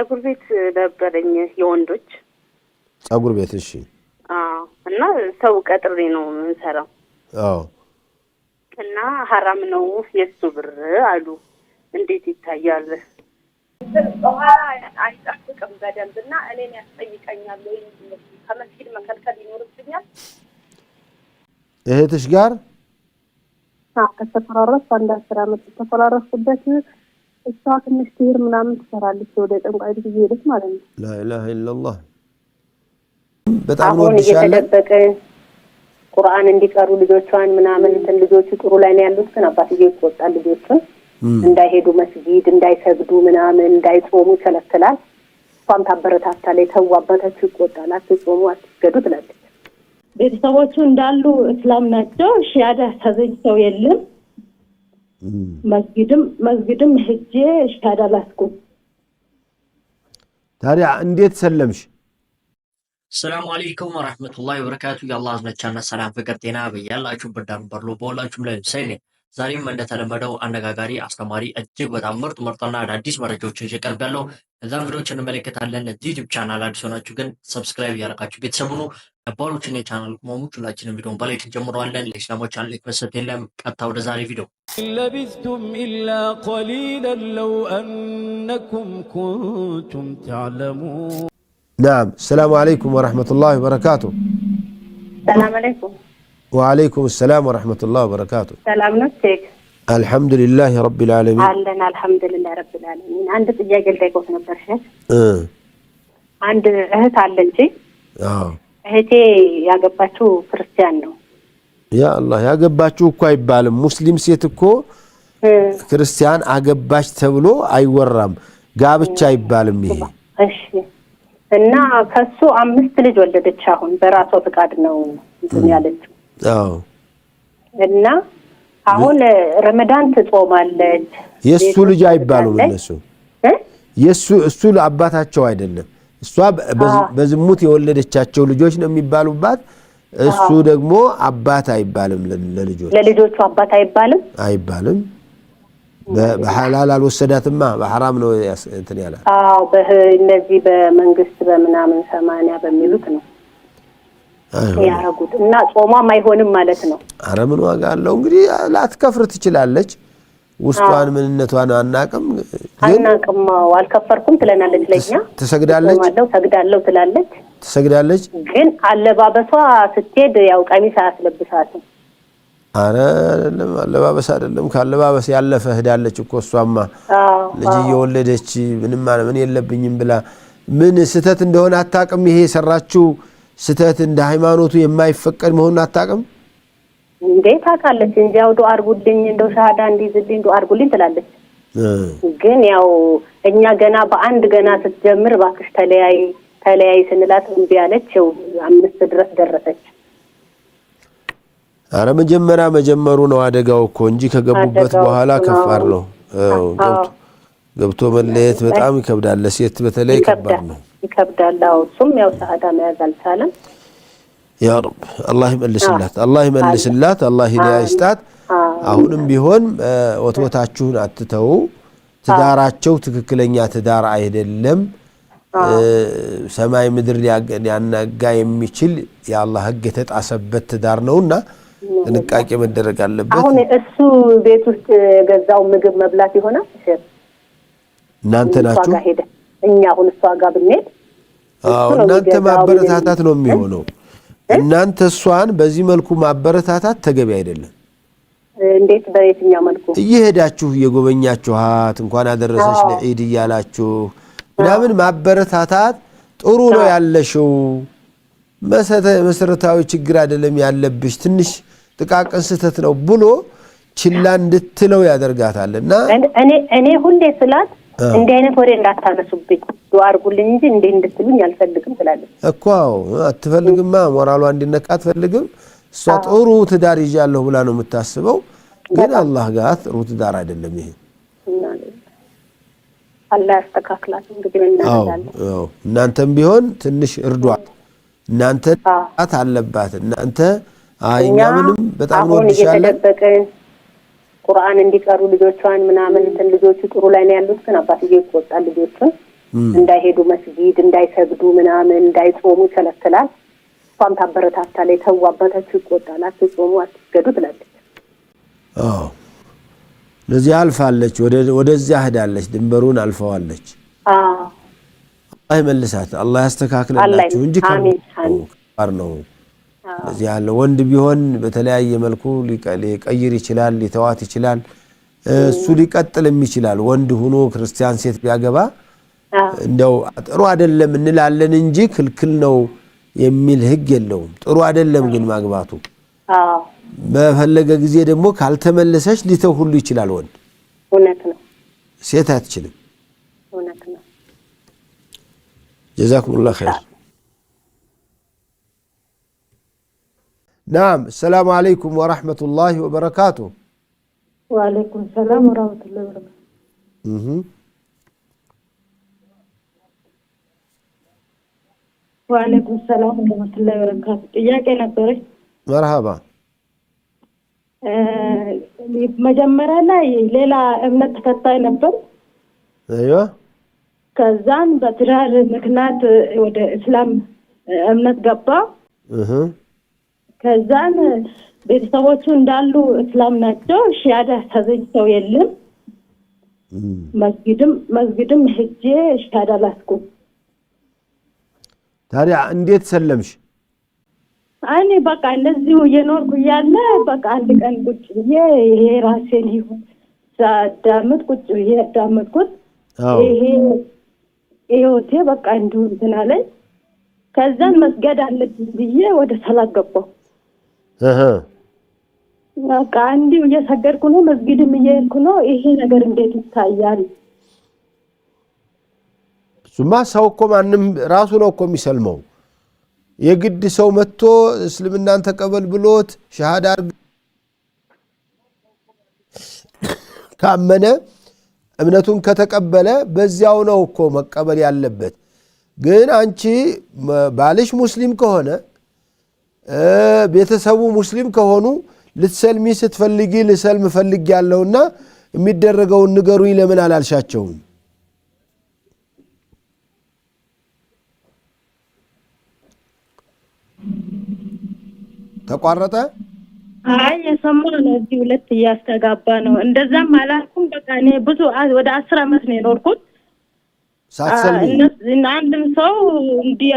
ጸጉር ቤት ነበረኝ የወንዶች ጸጉር ቤት። እሺ። እና ሰው ቀጥሬ ነው የምንሰራው። እና ሀራም ነው የሱ ብር አሉ። እንዴት ይታያል? በኋላ አይጠብቅም በደንብ እና እኔን ያስጠይቀኛል ወይ ከመስጊድ መከልከል ይኖርብኛል? እህትሽ ጋር ከተፈራረስ አንድ አስር አመት የተፈራረስኩበት እሷ ትንሽ ትሄድ ምናምን ትሰራለች፣ ወደ ጠንቋይ ቤት እየሄደች ማለት ነው። ላኢላሃ ኢለላህ። በጣም እየተደበቀ ቁርአን እንዲቀሩ ልጆቿን ምናምን እንትን ልጆቹ ጥሩ ላይ ነው ያሉት፣ ግን አባትዬው ይቆጣል። ልጆቹን እንዳይሄዱ መስጊድ እንዳይሰግዱ ምናምን እንዳይጾሙ ይከለክላል። እሷም ታበረታታ ላይ ተው አባታችሁ ይቆጣል፣ አትጾሙ፣ አትስገዱ ትላለች። ቤተሰቦቹ እንዳሉ እስላም ናቸው። ሺያዳ ተዘኝ ሰው የለም መስጊድም መስጊድም ሄጄ ሻዳ ላስኩም። ታዲያ እንዴት ሰለምሽ? ሰላሙ አለይኩም ወራህመቱላሂ ወበረካቱ። የአላህ አዝመቻና ሰላም ፍቅር ጤና በያላችሁ ብርዳን በርሎ በሁላችሁም ላይ ምሳሌ ዛሬም እንደተለመደው አነጋጋሪ፣ አስተማሪ እጅግ በጣም ምርጥ ምርጥና አዳዲስ መረጃዎችን ይዤ ቀርቤያለሁ። እዛም ቪዲዮዎች እንመለከታለን። እዚህ ዩቲዩብ ቻናል አዲስ ሆናችሁ ግን ሰብስክራይብ እያደረጋችሁ ቤተሰቡ ነው ነባሮችን የቻናል ቅመሞች ሁላችንም ቪዲዮን በላይ ጀምረዋለን። ለኢስላሞች ቻናል ክበሰት የለም። ቀጥታ ወደ ዛሬ ቪዲዮ إن لبثتم إلا قليلا لو أنكم كنتم تعلمون نعم السلام عليكم ورحمة الله وبركاته السلام عليكم وعليكم السلام ورحمة الله وبركاته سلام نفسك الحمد لله رب العالمين عندنا الحمد لله رب العالمين አንድ ጥያቄ ልጠይቅዎት ነበር ሼህ አንድ እህት አለ እንጂ እህቴ ያገባችው ክርስቲያን ነው ያ አላህ ያገባችሁ እኮ አይባልም። ሙስሊም ሴት እኮ ክርስቲያን አገባች ተብሎ አይወራም። ጋብቻ አይባልም ይሄ። እና ከሱ አምስት ልጅ ወለደች። አሁን በራሷ ፍቃድ ነው እንትን ያለችው። እና አሁን ረመዳን ትጾማለች። የሱ ልጅ አይባሉም እነሱ። የሱ እሱ አባታቸው አይደለም። እሷ በዝሙት የወለደቻቸው ልጆች ነው የሚባሉባት እሱ ደግሞ አባት አይባልም። ለልጆች ለልጆቹ አባት አይባልም አይባልም። በሐላል አልወሰዳትማ በሐራም ነው እንትን ያላት። አዎ እነዚህ በመንግስት በምናምን ሰማንያ በሚሉት ነው ያረጉት እና ጾሟም አይሆንም ማለት ነው። አረ ምን ዋጋ አለው እንግዲህ ላትከፍር ትችላለች። ውስጧን ምንነቷን አናቅም አናቅም። አልከፈርኩም ትለናለች። ለኛ ትሰግዳለች፣ ሰግዳለሁ ትላለች ትሰግዳለች። ግን አለባበሷ ስትሄድ ያው ቀሚስ አያስለብሳትም። አረ አይደለም አለባበስ አይደለም፣ ከአለባበስ ያለፈ ሄዳለች እኮ እሷማ ልጅ እየወለደች ምንም ምን የለብኝም ብላ ምን ስህተት እንደሆነ አታቅም። ይሄ የሰራችው ስህተት እንደ ሃይማኖቱ የማይፈቀድ መሆኑን አታቅም እንዴ? ታውቃለች እንጂ ያው ዶ አርጉልኝ እንደው ሻሃዳ እንዲይዝልኝ ዶ አርጉልኝ ትላለች። ግን ያው እኛ ገና በአንድ ገና ስትጀምር እባክሽ ተለያይ ተለያይ ስንላት እምቢ አለች። አምስት ድረስ ደረሰች። አረ መጀመሪያ መጀመሩ ነው አደጋው እኮ እንጂ ከገቡበት በኋላ ከፋር ነው። ገብቶ መለየት በጣም ይከብዳል። ለሴት በተለይ ከባድ ነው፣ ይከብዳል። እሱም ያው ሰዓዳ መያዝ አልቻለም። ያ ረብ አላህ ይመልስላት፣ አላህ ይመልስላት፣ አላህ ሂዳያ ይስጣት። አሁንም ቢሆን ወትወታችሁን አትተው። ትዳራቸው ትክክለኛ ትዳር አይደለም። ሰማይ ምድር ሊያናጋ የሚችል የአላህ ህግ የተጣሰበት ትዳር ነውና ጥንቃቄ መደረግ አለበት። አሁን እሱ ቤት ውስጥ የገዛው ምግብ መብላት ይሆናል። እናንተ ናችሁ እኛ አሁን እሷ ጋር ብንሄድ እናንተ ማበረታታት ነው የሚሆነው። እናንተ እሷን በዚህ መልኩ ማበረታታት ተገቢ አይደለም። እንዴት? በየትኛው መልኩ? እየሄዳችሁ እየጎበኛችኋት እንኳን አደረሰች ለዒድ እያላችሁ ምናምን ማበረታታት ጥሩ ነው ያለሽው። መሰረታዊ ችግር አይደለም ያለብሽ፣ ትንሽ ጥቃቅን ስህተት ነው ብሎ ችላ እንድትለው ያደርጋታል። እና እኔ ሁሌ ስላት እንዲህ አይነት ወሬ እንዳታነሱብኝ ዱዓ አድርጉልኝ እንጂ እንዲህ እንድትሉኝ አልፈልግም ትላለች እኮ። አትፈልግማ፣ ሞራሏ እንዲነካ አትፈልግም። እሷ ጥሩ ትዳር ይዣለሁ ብላ ነው የምታስበው። ግን አላህ ጋር ጥሩ ትዳር አይደለም ይሄ። አላ ያስተካክላት። እንግዲህ እናንተም ቢሆን ትንሽ እርዷት። እናንተ ት አለባት እናንተ እኛ ምንም በጣም እየተደበቀ ቁርአን እንዲቀሩ ልጆቿን ምናምን እንትን ልጆቹ ጥሩ ላይ ነው ያሉት፣ ግን አባትዬው ይቆጣል። ልጆቹን እንዳይሄዱ መስጊድ እንዳይሰግዱ ምናምን እንዳይጾሙ ይከለክላል። እሷም ታበረታታ ላይ ተው አባታችሁ ይቆጣል፣ አትጾሙ፣ አትስገዱ ትላለች። ለዚህ አልፋለች፣ ወደዚያ ህዳለች፣ ድንበሩን አልፈዋለች። አላህ ይመልሳት፣ አላህ ያስተካክልላችሁ እንጂ ከባድ ነው። ለዚህ ያለ ወንድ ቢሆን በተለያየ መልኩ ሊቀይር ይችላል፣ ሊተዋት ይችላል፣ እሱ ሊቀጥልም ይችላል። ወንድ ሆኖ ክርስቲያን ሴት ቢያገባ እንደው ጥሩ አይደለም እንላለን እንጂ ክልክል ነው የሚል ህግ የለውም። ጥሩ አይደለም ግን ማግባቱ በፈለገ ጊዜ ደግሞ ካልተመለሰች ሊተው ሁሉ ይችላል። ወንድ እውነት ነው፣ ሴት አትችልም። እውነት ነው። ጀዛኩሙላህ ኸይር። ናም ሰላሙ አለይኩም ወረሕመቱላህ ወበረካቱ። ወአለይኩም ሰላም ወረሕመቱላህ ወበረካቱ። ወአለይኩም ሰላም ወረሕመቱላህ ወበረካቱ። ጥያቄ ነበረች። መርሃባ መጀመሪያ ላይ ሌላ እምነት ተከታይ ነበር። ከዛን ከዛም በትዳር ምክንያት ወደ እስላም እምነት ገባ። ከዛን ቤተሰቦቹ እንዳሉ እስላም ናቸው። ሺያዳ ያሳዘኝ ሰው የለም። መስጊድም መስጊድም ሄጄ ሻዳ ላስኩ። ታዲያ እንዴት ሰለምሽ? እኔ በቃ እንደዚሁ እየኖርኩ እያለ በቃ አንድ ቀን ቁጭ ብዬ ይሄ ራሴ ሊሆን ሳዳምጥ ቁጭ ብዬ ያዳምጥኩት ይሄ ህይወቴ በቃ እንዲሁ እንትን አለኝ። ከዛን መስገድ አለብኝ ብዬ ወደ ሰላት ገባሁ። በቃ እንዲሁ እየሰገድኩ ነው፣ መስጊድም እየሄድኩ ነው። ይሄ ነገር እንዴት ይታያል? እሱማ ሰው እኮ ማንም ራሱ ነው እኮ የሚሰልመው የግድ ሰው መጥቶ እስልምናን ተቀበል ብሎት ሻሃዳ ካመነ እምነቱን ከተቀበለ በዚያው ነው እኮ መቀበል ያለበት። ግን አንቺ ባልሽ ሙስሊም ከሆነ ቤተሰቡ ሙስሊም ከሆኑ ልትሰልሚ ስትፈልጊ ልሰልም ፈልግ ያለውና የሚደረገውን ንገሩኝ ለምን አላልሻቸውም? ተቋረጠ? አይ የሰማ ነው። እዚህ ሁለት እያስተጋባ ነው። እንደዛም አላልኩም። በቃ እኔ ብዙ ወደ አስር አመት ነው የኖርኩት። ሳትሰልሚ አንድም ሰው እንዲህ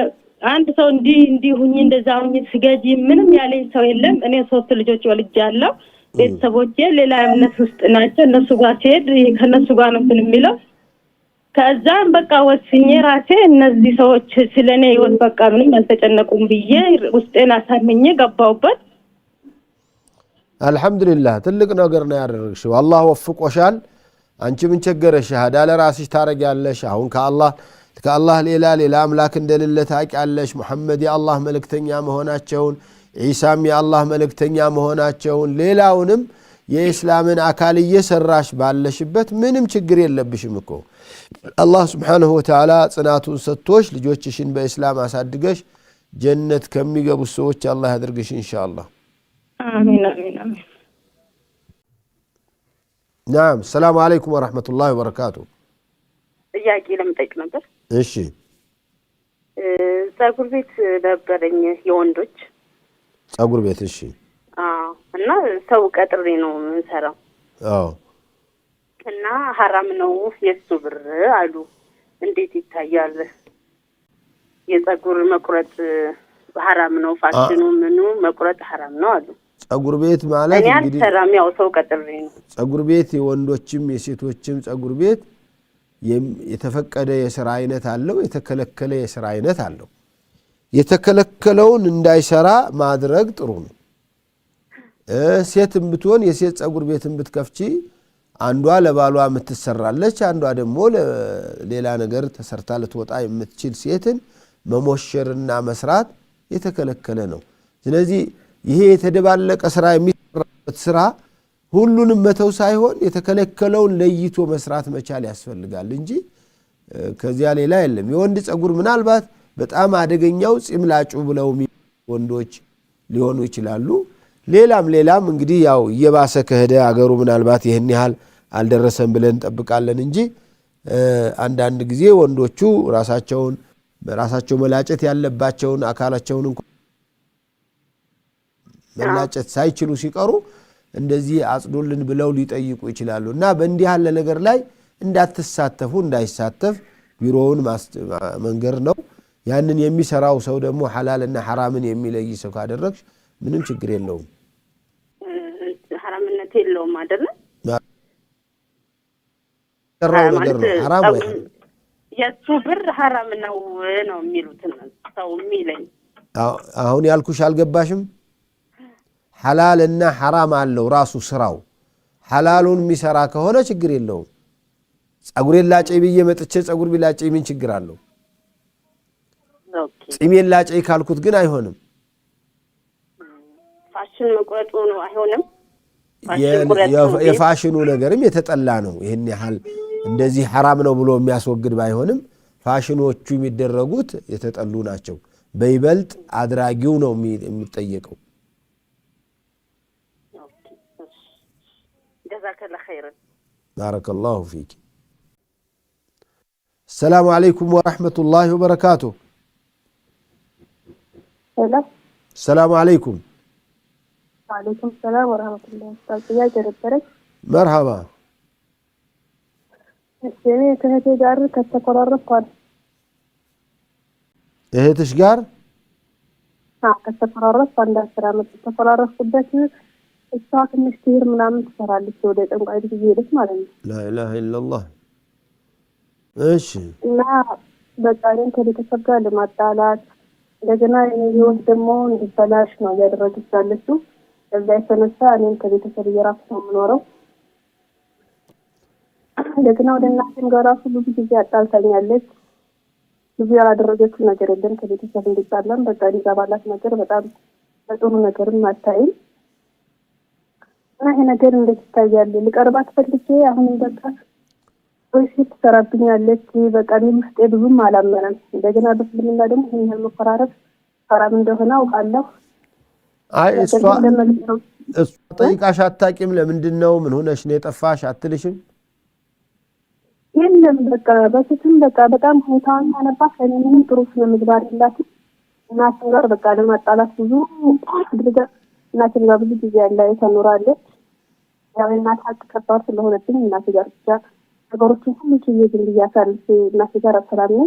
አንድ ሰው እንዲህ እንዲህ ሁኚ እንደዛ ሁኚ ስገጂ ምንም ያለኝ ሰው የለም። እኔ ሶስት ልጆች ወልጃለሁ። ቤተሰቦቼ ሌላ እምነት ውስጥ ናቸው። እነሱ ጋር ሲሄድ ከእነሱ ጋር ነው ምን የሚለው ከዛም በቃ ወስኜ ራሴ እነዚህ ሰዎች ስለ እኔ ህይወት በቃ ምንም አልተጨነቁም ብዬ ውስጤን አሳምኜ ገባሁበት። አልሐምዱሊላህ ትልቅ ነገር ነው ያደረግሽው። አላህ ወፍቆሻል። አንቺ ምን ቸገረሽ? ሻሃዳ ለራስሽ ታረጊያለሽ። አሁን ከአላህ ከአላህ ሌላ ሌላ አምላክ እንደሌለ ታውቂያለሽ። ሙሐመድ የአላህ መልእክተኛ መሆናቸውን፣ ዒሳም የአላህ መልእክተኛ መሆናቸውን ሌላውንም የእስላምን አካል እየሰራሽ ባለሽበት ምንም ችግር የለብሽም እኮ። አላህ ስብሓንሁ ወተዓላ ጽናቱን ሰጥቶሽ ልጆችሽን በእስላም አሳድገሽ ጀነት ከሚገቡ ሰዎች አላ ያድርግሽ ኢንሻአላህ። ናም ሰላሙ አለይኩም ወረሕመቱላ ወበረካቱ። ጥያቄ ለመጠየቅ ነበር። እሺ ጸጉር ቤት ነበረኝ የወንዶች ጸጉር ቤት። እሺ እና ሰው ቀጥሬ ነው የምንሰራው። አዎ እና ሀራም ነው የሱ ብር አሉ። እንዴት ይታያል? የጸጉር መቁረጥ ሀራም ነው፣ ፋሽኑ ምኑ መቁረጥ ሀራም ነው አሉ። ጸጉር ቤት ማለት እኔ አልሰራም፣ ያው ሰው ቀጥሬ ነው። ጸጉር ቤት የወንዶችም የሴቶችም ጸጉር ቤት የተፈቀደ የስራ አይነት አለው፣ የተከለከለ የስራ አይነት አለው። የተከለከለውን እንዳይሰራ ማድረግ ጥሩ ነው። ሴትም ብትሆን የሴት ፀጉር ቤትን ብትከፍቺ አንዷ ለባሏ የምትሰራለች፣ አንዷ ደግሞ ሌላ ነገር ተሰርታ ልትወጣ የምትችል ሴትን መሞሸርና መስራት የተከለከለ ነው። ስለዚህ ይሄ የተደባለቀ ስራ የሚሰራበት ስራ ሁሉንም መተው ሳይሆን የተከለከለውን ለይቶ መስራት መቻል ያስፈልጋል እንጂ ከዚያ ሌላ የለም። የወንድ ፀጉር ምናልባት በጣም አደገኛው ፂም ላጩ ብለው ወንዶች ሊሆኑ ይችላሉ። ሌላም ሌላም እንግዲህ ያው እየባሰ ከሄደ አገሩ ምናልባት ይህን ያህል አልደረሰም ብለን እንጠብቃለን እንጂ አንዳንድ ጊዜ ወንዶቹ ራሳቸውን ራሳቸው መላጨት ያለባቸውን አካላቸውን መላጨት ሳይችሉ ሲቀሩ እንደዚህ አጽዱልን ብለው ሊጠይቁ ይችላሉ። እና በእንዲህ ያለ ነገር ላይ እንዳትሳተፉ እንዳይሳተፍ ቢሮውን መንገር ነው። ያንን የሚሰራው ሰው ደግሞ ሐላልና ሐራምን የሚለይ ሰው ካደረግሽ ምንም ችግር የለውም፣ ሀራምነት የለውም አይደለም ቀረው ነገር ነው ሀራም ወይ የእሱ ብር ሀራም ነው ነው የሚሉት ሰው የሚለኝ። አሁን ያልኩሽ አልገባሽም? ሐላል እና ሐራም አለው ራሱ ስራው። ሐላሉን የሚሰራ ከሆነ ችግር የለውም። ጸጉሬን ላጨይ ብዬ መጥቼ ጸጉር ቢላጨይ ምን ችግር አለው? ጺሜን ላጨይ ካልኩት ግን አይሆንም። ራስን መቁረጡ ነው። አይሆንም። የፋሽኑ ነገርም የተጠላ ነው። ይህን ያህል እንደዚህ ሐራም ነው ብሎ የሚያስወግድ ባይሆንም ፋሽኖቹ የሚደረጉት የተጠሉ ናቸው። በይበልጥ አድራጊው ነው የሚጠየቀው። ባረከላሁ ፊክ። አሰላሙ አለይኩም ወረሕመቱላሂ ወበረካቱ። ሰላሙ አለይኩም አለይኩም ሰላም ወረህመቱላሂ ወበረካቱህ። ጥያቄ ነበረች። መርሃባ። እኔ ከእህቴ ጋር ከተኮራረፍኳል። እህትሽ ጋር ከተኮራረፍኩ አንድ አስር አመት ተኮራረፍኩበት እሷ ትንሽ ትሄድ ምናምን ትሰራለች፣ ወደ ጠንቋይ ቤት እየሄደች ማለት ነው። ላኢላሃ ኢለላህ። እሺ። እና በቃ እኔን ከቤተሰብ ጋር ለማጣላት እንደገና ህይወት ደግሞ እንዲበላሽ ነው እያደረገች ያለችው። ከዛ የተነሳ እኔም ከቤተሰብ እየራሱ ነው የምኖረው። እንደገና ወደ እናቴም ጋር ራሱ ብዙ ጊዜ አጣልታኛለች። ብዙ ያላደረገችው ነገር የለም። ከቤተሰብ እንድጣለን በቃ ሊዛባላት ነገር በጣም በጥሩ ነገርም አታይም እና ይሄ ነገር እንዴት ይታያል? ልቀርባት ፈልጌ አሁንም በቃ እሺ ትሰራብኛለች በቃ ሚል ውስጤ ብዙም አላመነም። እንደገና በስልምና ደግሞ ይህን ያህል መፈራረስ ሐራም እንደሆነ አውቃለሁ። አይ እሷ ጠይቃሽ አታቂም? ለምንድን ነው ምን ሆነሽ ነው የጠፋሽ አትልሽም? የለም በቃ በፊትም በቃ በጣም ሁኔታዋን ያነባት ለምንም ጥሩ ስነ ምግባር የላትም። እናትም ጋር በቃ ለማጣላት ብዙ ድርጋ እናትም ጋር ብዙ ጊዜ ያለ የተኖራለች ያው እናት ሀቅ ከባድ ስለሆነብኝ እናት ጋር ብቻ ነገሮችን ሁሉ ችዬ ግን እያሳልፍ እናት ጋር አሰራለሁ።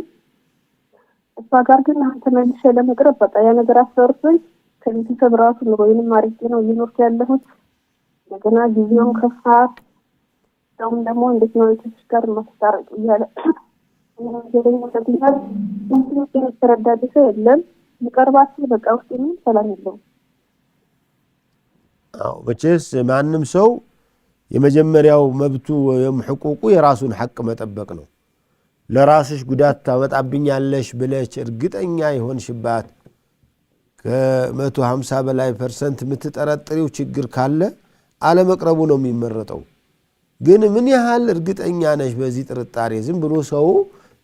እሷ ጋር ግን አንተ መልሼ ለመቅረብ በቃ ያ ነገር አስፈርቶኝ ከቤተሰብ ራሱ ወይንም አርጌ ነው እየኖርኩ ያለሁት። እንደገና ጊዜውን ከፋ ሰውም ደግሞ እንዴት ነው ቤቶች ጋር ማስታረቅ እያለ ይገኛል። ሰው የለም። የሚቀርባችሁ በቃ ውስጥ ምንም ሰላም የለውም። አዎ መቼስ ማንም ሰው የመጀመሪያው መብቱ ወይም ሕቁቁ የራሱን ሐቅ መጠበቅ ነው። ለራስሽ ጉዳት ታመጣብኛለሽ ብለሽ እርግጠኛ የሆንሽባት ከ150 በላይ ፐርሰንት የምትጠረጥሪው ችግር ካለ አለመቅረቡ ነው የሚመረጠው። ግን ምን ያህል እርግጠኛ ነሽ በዚህ ጥርጣሬ? ዝም ብሎ ሰው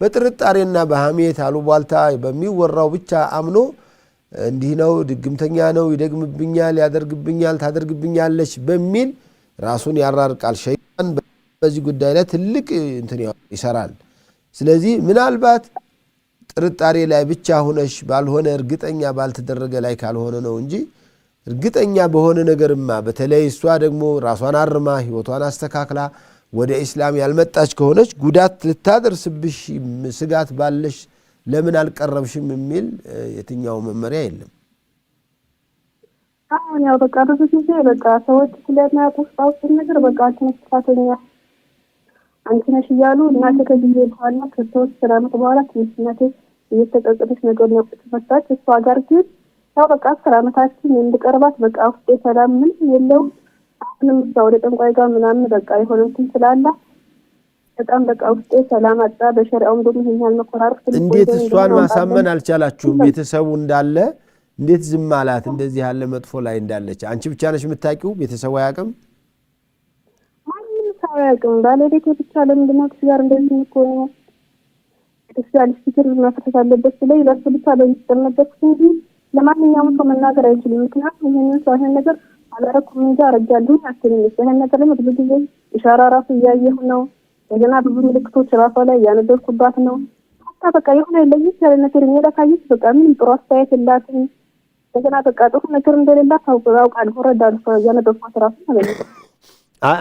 በጥርጣሬና በሐሜት አሉባልታ በሚወራው ብቻ አምኖ እንዲህ ነው፣ ድግምተኛ ነው፣ ይደግምብኛል፣ ያደርግብኛል፣ ታደርግብኛለች በሚል ራሱን ያራርቃል። ሸይጣን በዚህ ጉዳይ ላይ ትልቅ እንትን ይሰራል። ስለዚህ ምናልባት ጥርጣሬ ላይ ብቻ ሁነሽ ባልሆነ እርግጠኛ ባልተደረገ ላይ ካልሆነ ነው እንጂ እርግጠኛ በሆነ ነገርማ በተለይ እሷ ደግሞ ራሷን አርማ ህይወቷን አስተካክላ ወደ ኢስላም ያልመጣች ከሆነች ጉዳት ልታደርስብሽ ስጋት ባለሽ ለምን አልቀረብሽም የሚል የትኛው መመሪያ የለም። አሁን ያው በቃ ብዙ ጊዜ በቃ ሰዎች ስለሚያውቁ ውስጣውስን ነገር በቃ አንቺ ነሽ ጥፋተኛ አንቺ ነሽ እያሉ እናቴ ከጊዜ በኋላ ከሶስት አመት በኋላ ትንሽ እናቴ እየተጸጸተች ነገር ነው መጣች። እሷ ጋር ግን ያው በቃ አስር አመታችን እንድቀርባት በቃ ውስጤ ሰላም ምን የለውም። አሁንም እሷ ወደ ጠንቋይ ጋር ምናምን በቃ የሆነ እንትን ስላላ በጣም በቃ ውስጤ ሰላም አጣ። በሸሪያውም ደግሞ ይሄኛል መኮራረፍ። እንዴት እሷን ማሳመን አልቻላችሁም? ቤተሰቡ እንዳለ እንዴት ዝም አላት? እንደዚህ ያለ መጥፎ ላይ እንዳለች አንቺ ብቻ ነች የምታውቂው፣ ቤተሰቡ አያውቅም። ማንም ሰው አያውቅም። ባለቤቴ ብቻ ለምንድን ነው ጋር እንደዚህ የሚሆነው ስፔሻሊስት ችግር መፍታት አለበት ስለ ለሱ ብቻ በሚጠመበት እንጂ ለማንኛውም ሰው መናገር አይችልም። ምክንያቱም ይህንን ሰው ይህን ነገር አላረኩም እንጂ አረጃለሁ አትልም። ይህን ነገር ደግሞ ብዙ ጊዜ ኢሻራ ራሱ እያየሁ ነው። እንደገና ብዙ ምልክቶች ራሷ ላይ እያነበብኩባት ነው። ታ በቃ የሆነ ለየት ያለ ነገር እኔ ላሳየች በቃ ምንም ጥሩ አስተያየት የላትም። እንደገና በቃ ጥሩ ነገር እንደሌላት አውቃለሁ፣ እረዳለሁ። እያነበብኳት ራሱ ማለት ነው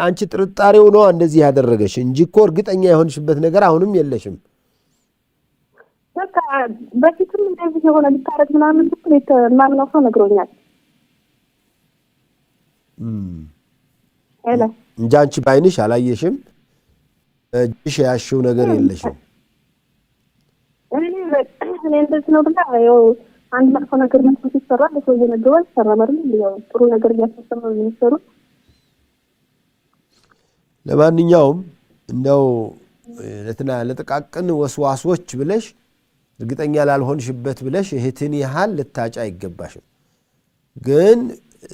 አንቺ ጥርጣሬው ነዋ እንደዚህ ያደረገሽ እንጂ እኮ እርግጠኛ የሆንሽበት ነገር አሁንም የለሽም። በቃ በፊትም እንደዚህ የሆነ ልታረግ ምናምን ስትል የማምነው ሰው ነግሮኛል እንጂ አንቺ ባይንሽ አላየሽም፣ እጅሽ ያሽው ነገር የለሽም። እኔ እንደዚህ ነው ብላ ያው አንድ መጥፎ ነገር መጥፎ ሲሰራ ለሰው እየነገሩ አይሰራም አይደል? ያው ጥሩ ነገር እያስፈሰመ የሚሰሩ ለማንኛውም እንደው ለጥቃቅን ወስዋሶች ብለሽ እርግጠኛ ላልሆንሽበት ብለሽ እህትን ያህል ልታጫ አይገባሽም። ግን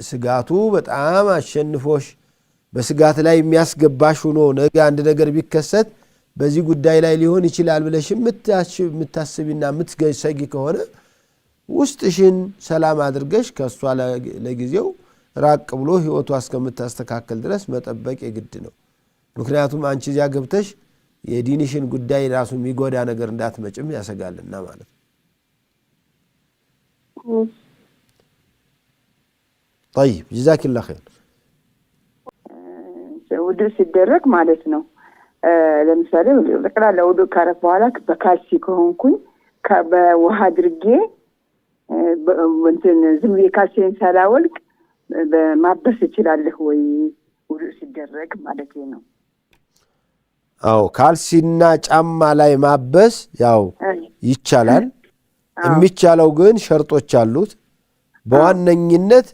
ስጋቱ በጣም አሸንፎሽ በስጋት ላይ የሚያስገባሽ ሆኖ ነገ አንድ ነገር ቢከሰት በዚህ ጉዳይ ላይ ሊሆን ይችላል ብለሽ የምታስቢና የምትሰጊ ከሆነ ውስጥሽን ሰላም አድርገሽ ከእሷ ለጊዜው ራቅ ብሎ ህይወቷ እስከምታስተካከል ድረስ መጠበቅ የግድ ነው። ምክንያቱም አንቺ እዚያ ገብተሽ የዲንሽን ጉዳይ ራሱ የሚጎዳ ነገር እንዳትመጭም ያሰጋልና ማለት ነው። ጠይብ ጀዛኪላ ኸይር። ውዱ ሲደረግ ማለት ነው። ለምሳሌ ጠቅላላ ውዱ ካረፍ በኋላ በካልሲ ከሆንኩኝ በውሃ አድርጌ እንትን ዝም ብዬ ካልሲን ሳላወልቅ ማበስ እችላለሁ ወይ? ውዱ ሲደረግ ማለት ነው። አዎ ካልሲና ጫማ ላይ ማበስ ያው ይቻላል። የሚቻለው ግን ሸርጦች አሉት። በዋነኝነት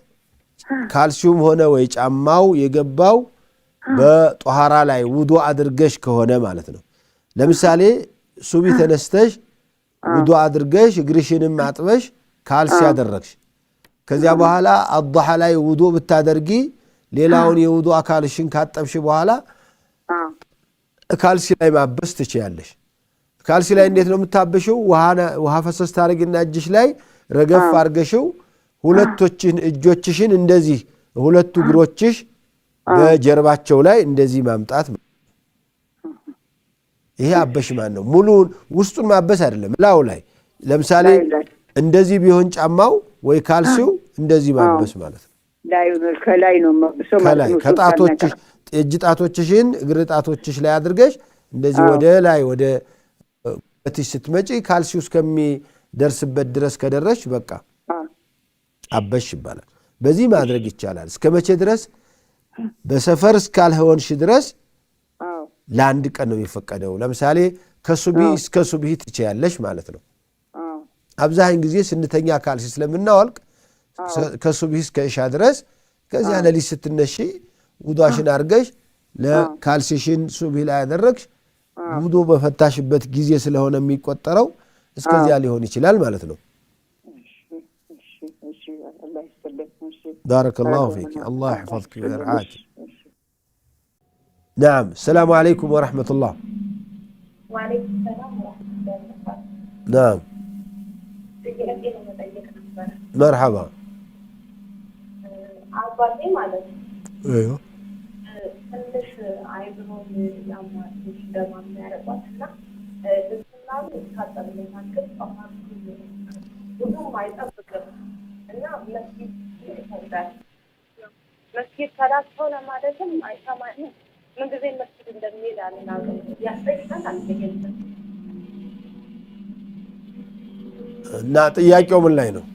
ካልሲውም ሆነ ወይ ጫማው የገባው በጦሃራ ላይ ውዱ አድርገሽ ከሆነ ማለት ነው። ለምሳሌ ሱቢ ተነስተሽ ውዱ አድርገሽ እግርሽንም አጥበሽ ካልሲ አደረግሽ። ከዚያ በኋላ አضሓ ላይ ውዱ ብታደርጊ ሌላውን የውዱ አካልሽን ካጠብሽ በኋላ ካልሲ ላይ ማበስ ትችያለሽ። ካልሲ ላይ እንዴት ነው የምታበሽው? ውሃ ፈሰስ ታደርግና እጅሽ ላይ ረገፍ አርገሽው ሁለቶችን እጆችሽን እንደዚህ ሁለቱ እግሮችሽ በጀርባቸው ላይ እንደዚህ ማምጣት። ይሄ አበሽ ማለት ነው። ሙሉውን ውስጡን ማበስ አይደለም፣ ላው ላይ ለምሳሌ እንደዚህ ቢሆን ጫማው ወይ ካልሲው እንደዚህ ማበስ ማለት ነው። ከላይ ከጣቶችሽ እጅ ጣቶችሽን እግር ጣቶችሽ ላይ አድርገሽ እንደዚህ ወደ ላይ ወደ በትሽ ስትመጪ ካልሲው ከሚደርስበት ድረስ ከደረሽ በቃ አበሽ ይባላል። በዚህ ማድረግ ይቻላል። እስከ መቼ ድረስ? በሰፈር እስካልሆንሽ ድረስ ለአንድ ቀን ነው የሚፈቀደው። ለምሳሌ ከሱቢ እስከ ሱብሂ ትችያለሽ ማለት ነው። አብዛኝ ጊዜ ስንተኛ ካልሲ ስለምናወልቅ ከሱብሂ እስከ እሻ ድረስ ከዚያ ለሊት ስትነሺ ውዷሽን አርገሽ ለካልሲሽን ሱብሂ ላይ ያደረግሽ ውዶ በፈታሽበት ጊዜ ስለሆነ የሚቆጠረው እስከዚያ ሊሆን ይችላል ማለት ነው። ላሁ ፊክ አላህ ይሕፈዝክ ወይርዓክ። ናም ሰላሙ አለይኩም ወረሕመቱላህ። ናም መርሓባ ትንሽ አይምሮን ያሟች ደማ ያደረጓት እና ልስላሉ ታጠብለታክል ጠፋት ብዙም አይጠብቅም እና መስጊድ ይፈርዳል። መስጊድ ተላጥፈው ለማለትም አይሰማኝም። ምንጊዜ መስጊድ እንደሚሄድ አልናቅም። ያስጠይቃል አልተገኝም። እና ጥያቄው ምን ላይ ነው?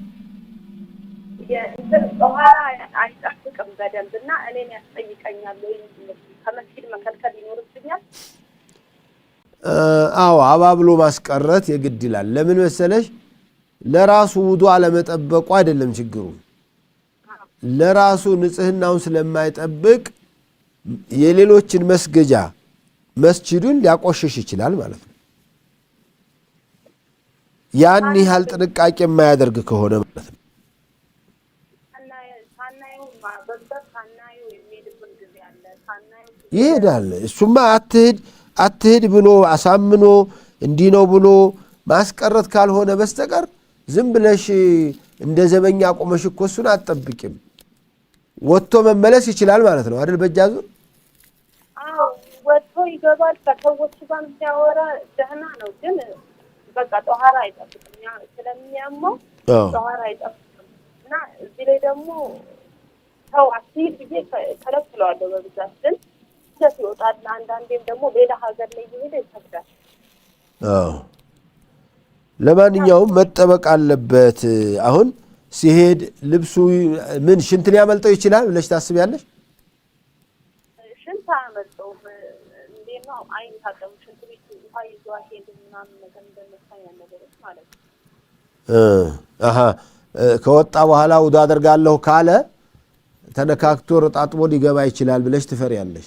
ጠኋላ አይጠ አላውቅም በደንብ እና እኔን ያስጠይቀኛል ወይ ከመስጊድ መከልከል ይኖርብኛል? አዎ አባብሎ ማስቀረት የግድ ይላል። ለምን መሰለሽ ለራሱ ውዱ አለመጠበቁ አይደለም ችግሩ፣ ለራሱ ንጽህናውን ስለማይጠብቅ የሌሎችን መስገጃ መስጅዱን ሊያቆሽሽ ይችላል ማለት ነው። ያን ያህል ጥንቃቄ የማያደርግ ከሆነ ማለት ነው። ይሄዳል። እሱማ አትሄድ አትሄድ ብሎ አሳምኖ እንዲህ ነው ብሎ ማስቀረት ካልሆነ በስተቀር ዝም ብለሽ እንደ ዘበኛ ቆመሽ እኮ እሱን አትጠብቂም። ወጥቶ መመለስ ይችላል ማለት ነው አይደል? በእጃ ዙር ወጥቶ ይገባል። ከሰዎች ጋር ሲያወራ ደህና ነው፣ ግን በቃ ጠኋራ አይጠብቅም። ስለሚያመው ጠኋራ አይጠብቅም። እና እዚህ ላይ ደግሞ ሰው አትሂድ ብዬ ከለክለዋለሁ በብዛት ግን ይዘት ይወጣል። አንዳንዴም ደግሞ ሌላ ሀገር ላይ እየሄደ ይሰግዳል። ለማንኛውም መጠበቅ አለበት። አሁን ሲሄድ ልብሱ ምን ሽንት ሊያመልጠው ይችላል ብለሽ ታስቢያለሽ? ሽንት አያመልጠውም። እንዴት ነው አይታጠብም። ሽንት ቤት ውሃ ይዞ ሄድ ምናምን ነገር እንደመሳኛ ነገሮች ማለት ነው። ከወጣ በኋላ ውዱ አደርጋለሁ ካለ ተነካክቶ ረጣጥቦ ሊገባ ይችላል ብለሽ ትፈሪያለሽ?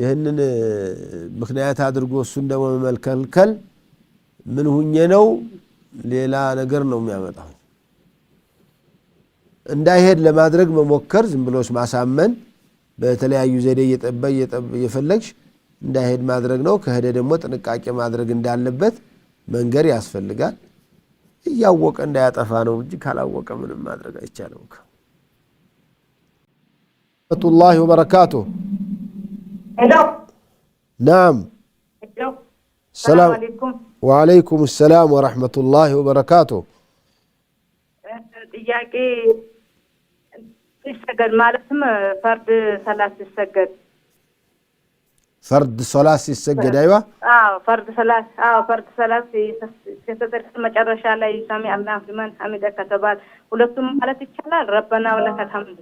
ይህንን ምክንያት አድርጎ እሱን ደግሞ መመልከልከል ምን ሁኜ ነው ሌላ ነገር ነው የሚያመጣው። እንዳይሄድ ለማድረግ መሞከር፣ ዝም ብሎች ማሳመን፣ በተለያዩ ዘዴ እየጠበ እየፈለግሽ እንዳይሄድ ማድረግ ነው። ከሄደ ደግሞ ጥንቃቄ ማድረግ እንዳለበት መንገድ ያስፈልጋል። እያወቀ እንዳያጠፋ ነው እንጂ ካላወቀ ምንም ማድረግ አይቻልም። ወበረካቱሁ نعم السلام عليكم وعليكم السلام ورحمة الله وبركاته ጥያቄ ሲሰገድ ማለትም ፈርድ ሰላት ሲሰገድ ፈርድ ሰላት ሲሰገድ አይዋ ፈርድ ሰላት ፈርድ ሰላት ሲሰገድ መጨረሻ ላይ ሳሚ አላህ ሊመን ሐሚደ ከተባል ሁለቱም ማለት ይቻላል። ረበና ወለከል ሐምድ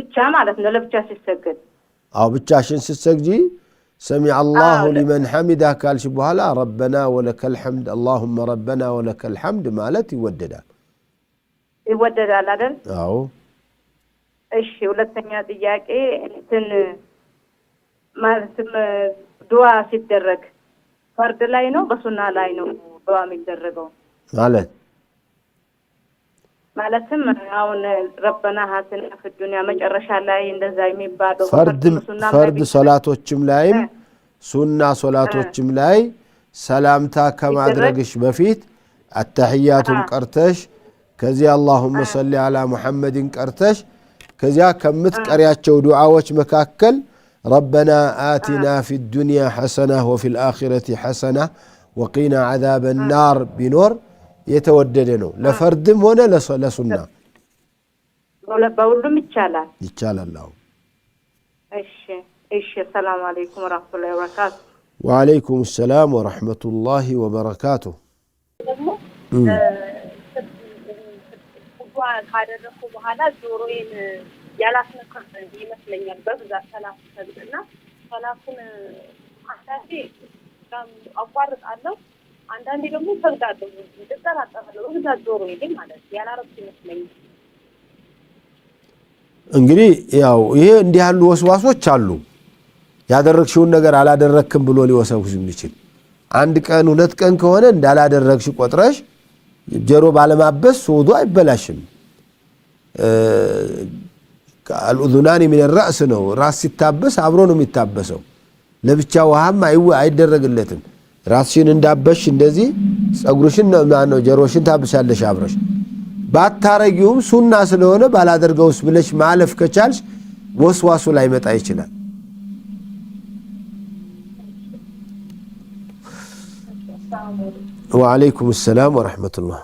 ብቻ ማለት ነው ለብቻ ሲሰገድ አው ብቻሽን ስትሰግጂ ሰሚ አላሁ ሊመን ሐሚዳ ካልሽ በኋላ ረበና ወለከል ሐምድ አላሁመ ረበና ወለከል ሐምድ ማለት ይወደዳል። ይወደዳል አይደል? አዎ። እሺ፣ ሁለተኛ ጥያቄ እንትን ማለትም ድዋ ሲደረግ ፈርድ ላይ ነው በሱና ላይ ነው ድዋ የሚደረገው ማለት ማለትም አሁን ረበና ሀስና ፍዱንያ መጨረሻ ላይ እንደዛ የሚባለው ፈርድ ሶላቶችም ላይም ሱና ሶላቶችም ላይ ሰላምታ ከማድረግሽ በፊት አተሕያቱን ቀርተሽ ከዚያ አላሁመ ሰሊ አላ ሙሐመድን ቀርተሽ ከዚያ ከምትቀሪያቸው ዱዓዎች መካከል ረበና አቲና ፊ ዱንያ ሐሰና ወፊ ልአኪረቲ ሐሰና ወቂና ዓዛበ ናር ቢኖር የተወደደ ነው ለፈርድም ሆነ ለሱና በሁሉም ይቻላል ይቻላል። አዎ እሺ፣ እሺ። ሰላም አለይኩም ወራህመቱላሂ ወበረካቱ። ወአለይኩም ሰላም ወራህመቱላሂ ወበረካቱ። ካደረኩ በኋላ ጆሮዬን ያላስነካም ይመስለኛል በብዛት ሰላት ሰግድና ሰላቱን አንዳንዴ አቋርጣለሁ አንዳንዴ ደግሞ ሰብዳለሁ፣ እጠራጠራለሁ። እዛ ዞሮ ይሄ ማለት ያላረፍኩ ይመስለኛል። እንግዲህ ያው ይሄ እንዲህ ያሉ ወስዋሶች አሉ። ያደረግሽውን ነገር አላደረግክም ብሎ ሊወሰውሽ የሚችል አንድ ቀን ሁለት ቀን ከሆነ እንዳላደረግሽ ቆጥረሽ ጀሮ ባለማበስ ሶዶ አይበላሽም። አልኡዙናን ሚን ራእስ ነው። ራስ ሲታበስ አብሮ ነው የሚታበሰው። ለብቻ ውሃም አይደረግለትም። ራስሽን እንዳበሽ እንደዚህ ጸጉርሽን ማነው ጀሮሽን ታብሻለሽ አብረሽ ባታረጊውም ሱና ስለሆነ ባላደርገውስ ብለሽ ማለፍ ከቻልሽ ወስዋሱ ላይመጣ ይችላል። ወአለይኩም ሰላም ወረሕመቱላህ